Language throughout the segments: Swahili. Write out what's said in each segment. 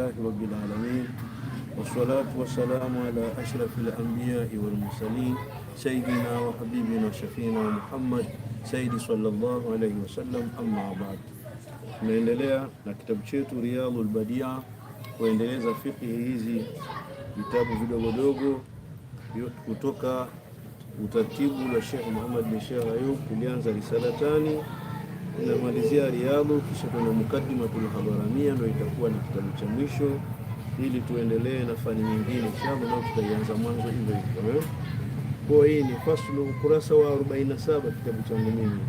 لله رب العالمين والصلاة والسلام على أشرف الأنبياء والمرسلين سيدنا وحبيبنا وشفينا محمد سيدي صلى الله عليه wasallam. Amma baad, tunaendelea na kitabu chetu Riyadhul Badia kuendeleza fikihi hizi vitabu vidogodogo kutoka utaratibu wa Sheikh Muhammad bin Sheikh Ayub, kulianza risalatani tunamalizia Riyadhu, kisha mukaddima kuna Habaramia, ndio itakuwa ni kitabu cha mwisho, ili tuendelee na fani nyingine inshallah, nao tutaianza mwanzo hivyo hivyo. Eh? Kwa hii ni faslu, ukurasa wa 47 kitabu changu mimi.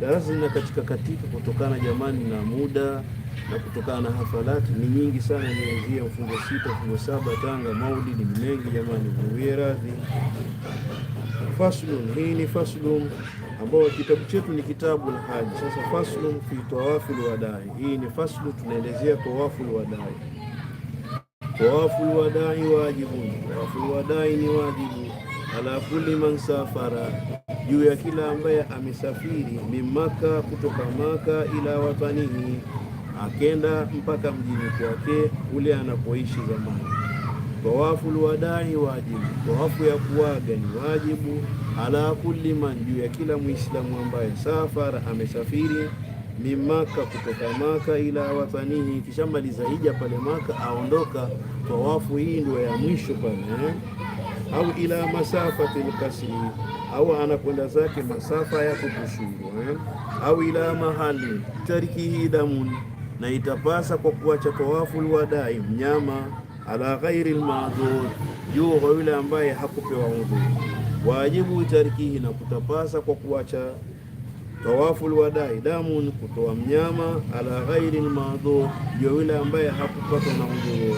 Darasa katika katika kutokana, jamani, na muda na kutokana na hafalati ni nyingi sana, nianzia mfungo sita, mfungo saba, Tanga maudi ni mengi jamani, niwie radhi. Faslun, hii ni faslun ambayo kitabu chetu ni kitabu la haji. Sasa faslun fi tawaful wadai, hii ni faslu, tunaelezea tawaful wadai. Tawaful wadai wajibu, tawaful wadai ni wajibu ala kulli man safara, juu ya kila ambaye amesafiri, mimaka kutoka Maka ila watanihi akenda mpaka mjini kwake ule anapoishi zamani. Tawafu lwadai wajibu, tawafu ya kuaga ni wajibu ala kulli man, juu ya kila Muislamu ambaye safara amesafiri min Maka, kutoka Maka ila watanihi, kishamaliza hija pale Maka aondoka, tawafu hii ndio ya mwisho pale eh? au ila masafati lkasri, au anakwenda zake masafa ya kukushuru, eh? au ila mahali tariki hii damun na itapasa kwa kuacha tawaful wadai mnyama ala ghairi almaadhur juu kwa yule ambaye hakupewa udhu. Wajibu utarikihi na kutapasa kwa kuacha tawaful wadai damun, kutoa mnyama ala ghairi almaadhur juu yule ambaye hakupata na udhu.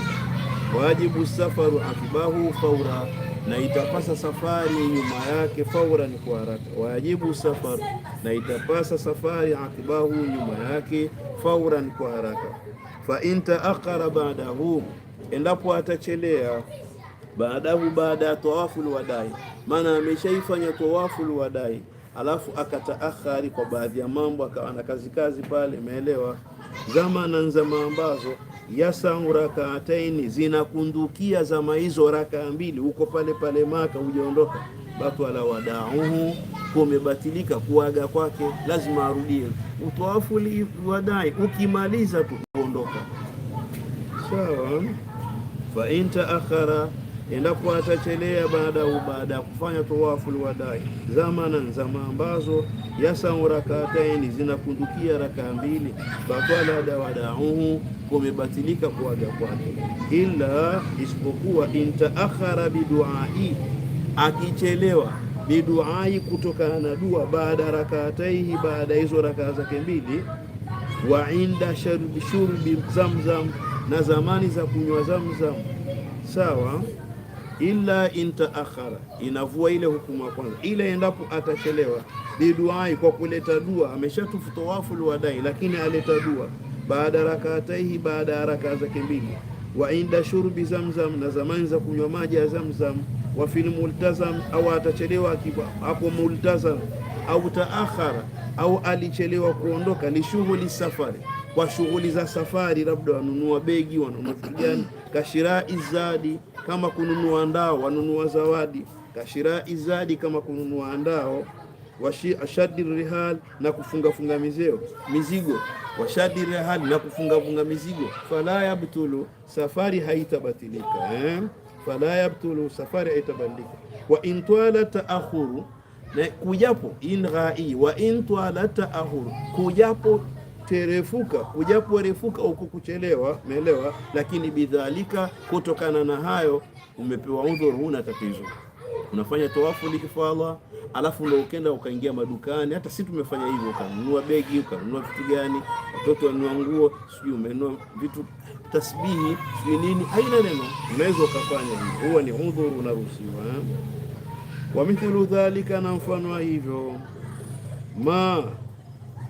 Wajibu safaru akibahu faura na itapasa safari nyuma yake fauran, kwa haraka. Waajibu safar, na itapasa safari akibahu, nyuma yake fauran, kwa haraka. Fa inta aqara ba'dahu, endapo atachelea baadahu, baada ya tawaful wadai, maana ameshaifanya tawaful wadai alafu akataakhari kwa baadhi ya mambo, akawa na kazi kazi pale, imeelewa, na nzama ambazo yasau rakaataini, zinakundukia zama hizo rakaa mbili, huko pale pale Maka, hujaondoka. Batwala wadauhu, kumebatilika kuaga kwake, lazima arudie utoafu liwadai, ukimaliza tu kuondoka. Sawa, fa intaakhara endapo atachelea baada ya kufanya tawafu wadai zamana zama ambazo yasau rakataini zinakundukia rakaa mbili, batwala dawadauhu kumebatilika kuaga kwake, ila isipokuwa intaakhara biduai, akichelewa biduai, kutokana na dua baada rakataihi, baada hizo rakaa zake mbili, wa inda shurbi zamzam, na zamani za kunywa zamzam, sawa illa intaakhara, inavua ile hukumu ya kwanza, ila endapo atachelewa, biduai, kwa kuleta dua. Ameshatufu tawafu lwadai, lakini aleta dua baada rakaataihi baada ya rakaa zake mbili, wa inda shurbi zamzam, na zamani za kunywa maji ya zamzam, wa fil multazam, au atachelewa hapo multazam, au taakhara, au alichelewa kuondoka lishughuli safari kwa shughuli za safari, labda wanunua begi, wanunua vitu kashira izadi kama kununua ndao, wanunua zawadi, kashira izadi kama kununua ndao, washadi rihal, na kufungafunga mizeo mizigo, washadi rihal, na kufunga funga mizigo. Fala yabtulu, safari haitabatilika eh? fala yabtulu, safari haitabatilika. Wa intwala taakhuru, na kujapo in ingha, wa intwala taakhuru, kujapo kuterefuka, ujapo refuka huko kuchelewa, umeelewa? Lakini bidhalika, kutokana na hayo umepewa udhuru, huna tatizo. Unafanya tawafu likifala, alafu ndio ukenda ukaingia madukani. Hata si tumefanya hivyo, ukanunua begi, ukanunua vitu gani, watoto wanunua nguo, sijui umenunua vitu, tasbihi, sijui nini, haina neno, unaweza ukafanya hivyo. Huwa ni udhuru, unaruhusiwa eh? wa mithlu dhalika, na mfano wa hivyo ma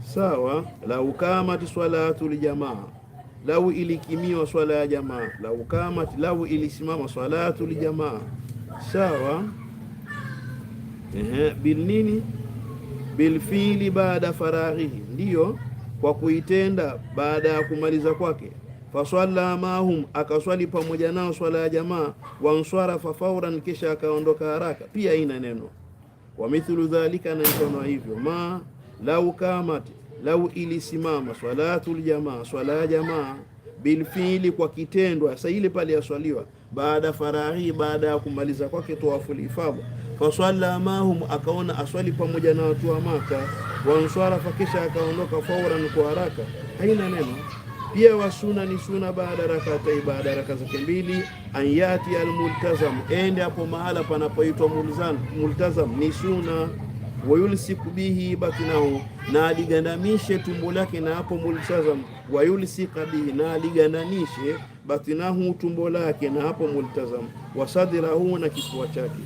sawa. Lau kamati swalatu ljamaa, lau ilikimiwa swala ya jamaa. Lau kamati, lau ilisimama swalatu ljamaa, sawa. Ehe, bil nini? Bilfili baada faraghihi, ndiyo kwa kuitenda baada ya kumaliza kwake. Faswalla mahum, akaswali pamoja nao swala ya jamaa. fa fauran, kisha akaondoka haraka. Pia ina neno wa mithlu dhalika, na mfano hivyo ma lau kamat, lau ilisimama salatu jamaa, swala ya jamaa bilfiili, kwa kitendo. Sasa ile pale yaswaliwa baada faraghi, baada ya kumaliza kwake tawaful ifadha. Fasalla mahum, akaona aswali pamoja na watu wa Maka. Wanswarafa, kisha akaondoka. Fauran, kwa haraka, haina neno pia wasuna ni suna baada rakata ibada raka zake mbili. Anyati almultazam, ende hapo mahala panapoitwa multazam ni suna wayulsiku bihi batnahu, na aligandamishe tumbo lake. Na hapo multazam wayulsika bihi, na aligandanishe batnahu, tumbo lake. Na hapo multazam wasadirahu, na kifua chake.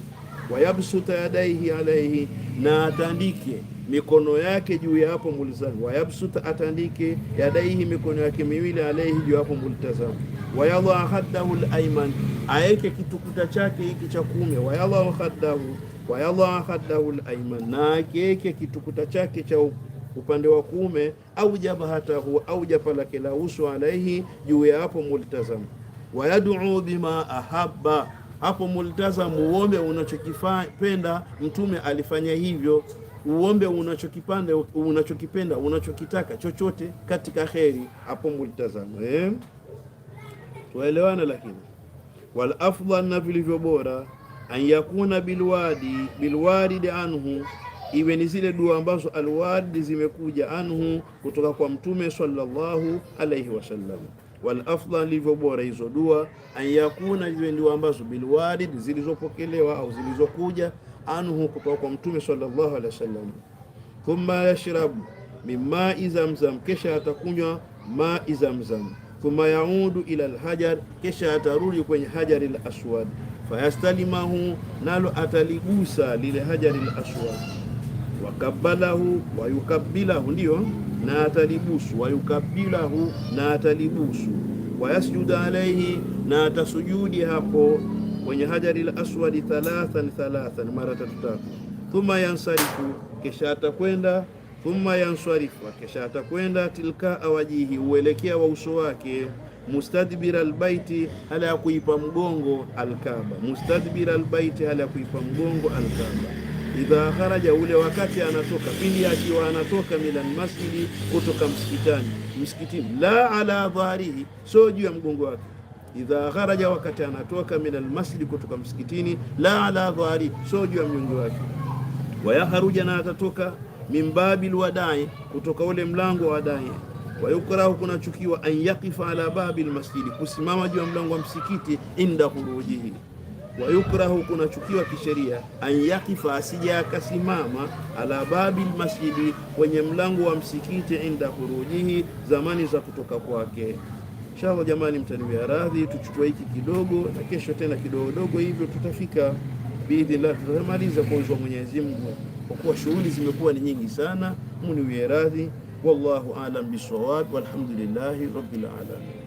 Wayabsuta yadaihi alaihi, na atandike mikono yake juu ya hapo multazam. Wayabsuta, atandike yadaihi, mikono yake miwili, alaihi, juu ya hapo multazam. Wayadha khaddahu alayman, aeke kitukuta chake hiki cha kuume. Wayadha khaddahu wayadaa khaddahu al na akiweke kitukuta chake cha upande wa kuume, au jabhatahu, au japa lake la uso, alaihi, juu ya hapo multazam. Wayaduu bima ahabba, hapo multazam uombe unachokipenda. Mtume alifanya hivyo, uombe unachokipanda, unachokipenda, unachokitaka chochote katika kheri, hapo multazam eh? Tuelewana, lakini wal na vilivyo bora an yakuna bilwadi bilwaridi anhu, iwe ni zile dua ambazo alwaridi zimekuja anhu kutoka kwa Mtume sallallahu alayhi wasallam. Wal afdal, ilivyo bora hizo dua, an yakuna, iwe dua ambazo bilwaridi zilizopokelewa au zilizokuja anhu kutoka kwa Mtume sallallahu alayhi wasallam. Thumma yashrabu mimai zamzam, kisha atakunywa mai zamzam. Thumma yaudu ila alhajar, kisha atarudi kwenye hajari al aswad fayastalimahu, nalo ataligusa lile hajari al wakabalahu wayukabilahu, ndiyo na atalibusu, wayukabilahu na atalibusu, wayasjuda alaihi, na atasujudi hapo kwenye hajari al-aswadi thalathan thalathan, mara tatu tatu. Thumma yansarifu, kisha atakwenda thumma yansarifu, kisha atakwenda tilka awajihi, uelekea wa uso wake mustadbira albaiti, hala ya kuipa mgongo alkaba. Mustadbira albaiti, hala ya kuipa mgongo alkaba. Idha kharaja, ule wakati anatoka, pindi akiwa anatoka, milan masjidi, kutoka msikitani, msikitini, la ala dharihi, so juu ya mgongo wake idha kharaja wakati anatoka min almasjid kutoka msikitini, la ala dhari so juu ya mgongo wake. Wayaharuja na atatoka min babil wadai kutoka ule mlango wa wadai wa yukrahu kunachukiwa an yaqifa ala babi lmasjidi, kusimama juu ya mlango wa msikiti inda khurujihi. wa yukrahu kunachukiwa kisheria an yaqifa, asija akasimama ala babi lmasjidi, kwenye mlango wa msikiti inda khurujihi, zamani za kutoka kwake. Inshallah jamani, mtaniwia radhi, tuchukue hiki kidogo na kesho tena kidogodogo, hivyo tutafika biidhnillah, tutamaliza kwa uwezo wa Mwenyezi Mungu, kwa kuwa shughuli zimekuwa ni nyingi sana. Muniwie radhi. والله أعلم بالصواب والحمد لله رب العالمين